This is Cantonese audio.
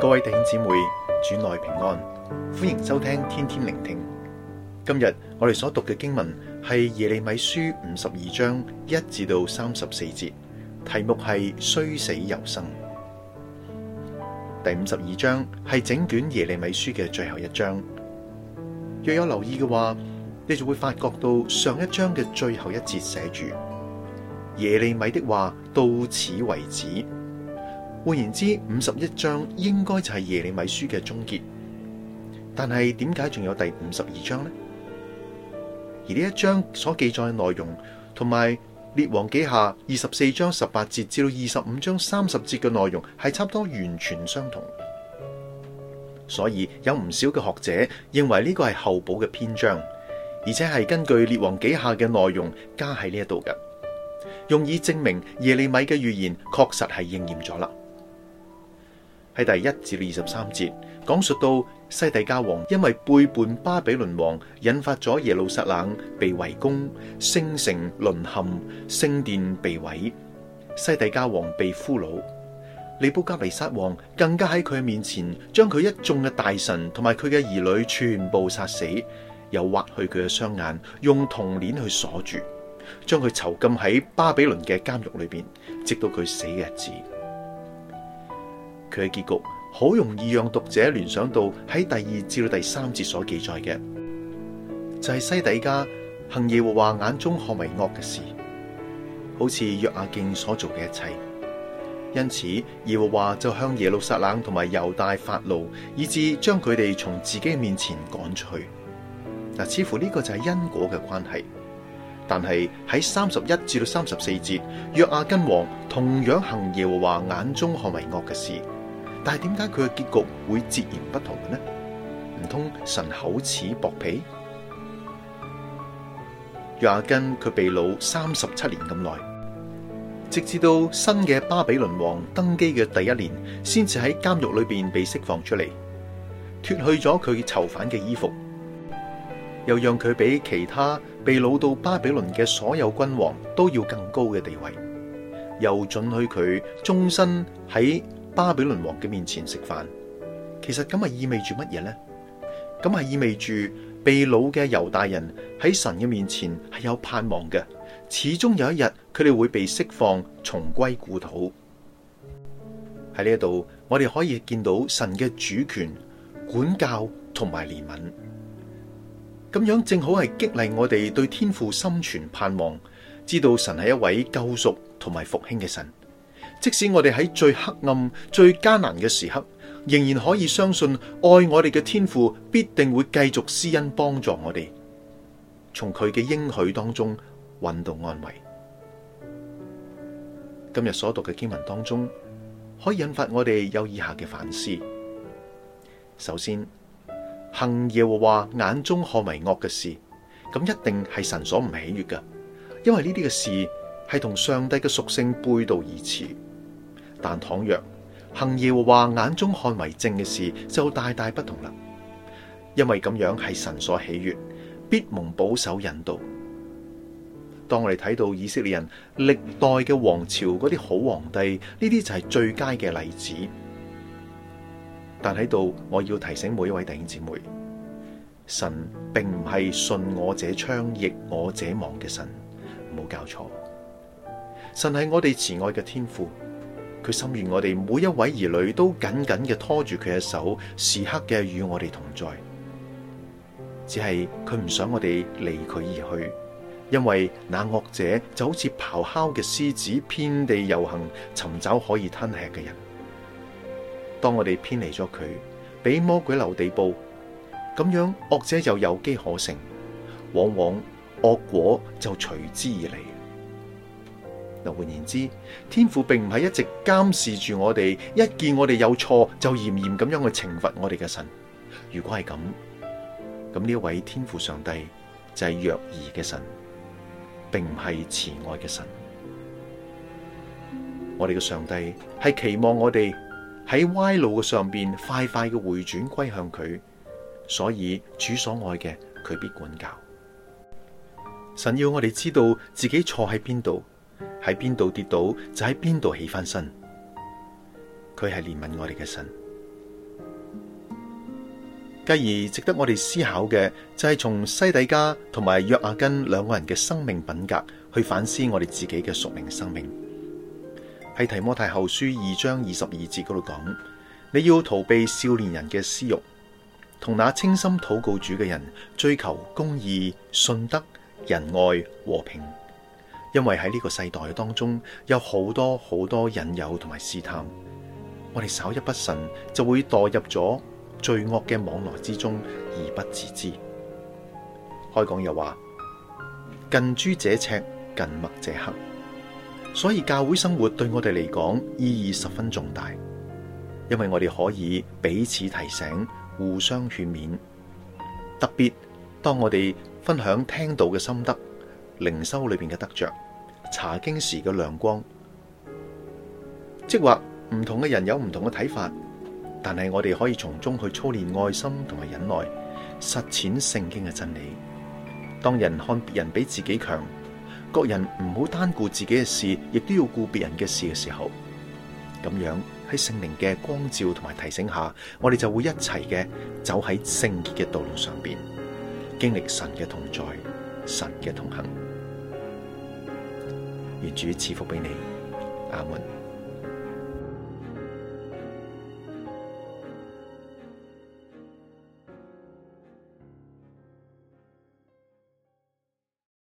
各位弟兄姊妹，主內平安，歡迎收聽天天聆聽。今日我哋所讀嘅經文係耶利米書五十二章一至到三十四節，題目係雖死猶生。第五十二章係整卷耶利米書嘅最後一章。若有留意嘅話，你就會發覺到上一章嘅最後一節寫住耶利米的話到此為止。換言之，五十一章應該就係耶利米書嘅終結，但係點解仲有第五十二章呢？而呢一章所記載嘅內容，同埋列王紀下二十四章十八節至到二十五章三十節嘅內容係差唔多完全相同，所以有唔少嘅學者認為呢個係後補嘅篇章，而且係根據列王紀下嘅內容加喺呢一度嘅，用以證明耶利米嘅預言確實係應驗咗啦。喺第一至二十三節，講述到西底家王因為背叛巴比倫王，引發咗耶路撒冷被圍攻，聖城淪陷，聖殿被毀，西底家王被俘虜。尼布甲尼撒王更加喺佢面前，將佢一眾嘅大臣同埋佢嘅兒女全部殺死，又挖去佢嘅雙眼，用銅鏈去鎖住，將佢囚禁喺巴比倫嘅監獄裏邊，直到佢死嘅日子。佢嘅結局好容易讓讀者聯想到喺第二至到第三節所記載嘅，就係西底家行耶和華眼中看為惡嘅事，好似約雅敬所做嘅一切。因此，耶和華就向耶路撒冷同埋猶大發怒，以致將佢哋從自己嘅面前趕出去。嗱，似乎呢個就係因果嘅關係。但係喺三十一至到三十四節，約雅斤王同樣行耶和華眼中看為惡嘅事。但係點解佢嘅結局會截然不同嘅呢？唔通神厚此薄彼？約雅斤佢被擄三十七年咁耐，直至到新嘅巴比倫王登基嘅第一年，先至喺監獄裏邊被釋放出嚟，脫去咗佢囚犯嘅衣服，又讓佢比其他被擄到巴比倫嘅所有君王都要更高嘅地位，又准許佢終身喺巴比倫王嘅面前食飯，其實咁係意味住乜嘢呢？咁係意味住被擄嘅猶大人喺神嘅面前係有盼望嘅，始終有一日佢哋會被釋放，重歸故土。喺呢一度，我哋可以見到神嘅主權、管教同埋憐憫，咁樣正好係激勵我哋對天父心存盼望，知道神係一位救贖同埋復興嘅神。即使我哋喺最黑暗、最艱難嘅時刻，仍然可以相信愛我哋嘅天父必定會繼續施恩幫助我哋，從佢嘅應許當中搵到安慰。今日所讀嘅經文當中，可以引發我哋有以下嘅反思：首先，行耶和華眼中看為惡嘅事，咁一定係神所唔喜悅嘅，因為呢啲嘅事係同上帝嘅屬性背道而馳。但倘若耶和華眼中看為正嘅事，就大大不同啦。因為咁樣係神所喜悅，必蒙保守引導。當我哋睇到以色列人歷代嘅王朝嗰啲好皇帝，呢啲就係最佳嘅例子。但喺度，我要提醒每一位弟兄姊妹，神並唔係信我者昌，逆我者亡嘅神，唔好搞錯。神係我哋慈愛嘅天父。佢心願我哋每一位兒女都緊緊嘅拖住佢嘅手，時刻嘅與我哋同在，只係佢唔想我哋離佢而去，因為那惡者就好似咆哮嘅獅子，遍地遊行，尋找可以吞吃嘅人。當我哋偏離咗佢，俾魔鬼留地步，咁樣惡者就有機可乘，往往惡果就隨之而嚟。嗱，換言之，天父並唔係一直監視住我哋，一見我哋有錯就嚴嚴咁樣去懲罰我哋嘅神。如果係咁，咁呢一位天父上帝就係虐兒嘅神，並唔係慈愛嘅神。我哋嘅上帝係期望我哋喺歪路嘅上邊快快嘅回轉歸向佢，所以主所愛嘅，佢必管教。神要我哋知道自己錯喺邊度。喺邊度跌倒就喺邊度起翻身，佢係憐憫我哋嘅神。繼而值得我哋思考嘅就係從西底家同埋約阿根兩個人嘅生命品格去反思我哋自己嘅屬靈生命。喺提摩太後書二章二十二節嗰度講，你要逃避少年人嘅私欲，同那清心禱告主嘅人追求公義、信德、仁愛、和平。因為喺呢個世代當中，有好多好多引誘同埋試探，我哋稍一不慎，就會墮入咗罪惡嘅網絡之中而不自知。開講又話：近朱者赤，近墨者黑。所以教會生活對我哋嚟講意義十分重大，因為我哋可以彼此提醒，互相勸勉。特別當我哋分享聽到嘅心得。靈修裏邊嘅得着，查經時嘅亮光，即係話唔同嘅人有唔同嘅睇法，但係我哋可以從中去操練愛心同埋忍耐，實踐聖經嘅真理。當人看別人比自己強，各人唔好單顧自己嘅事，亦都要顧別人嘅事嘅時候，咁樣喺聖靈嘅光照同埋提醒下，我哋就會一齊嘅走喺聖潔嘅道路上邊，經歷神嘅同在，神嘅同行。願主賜福俾你，阿門。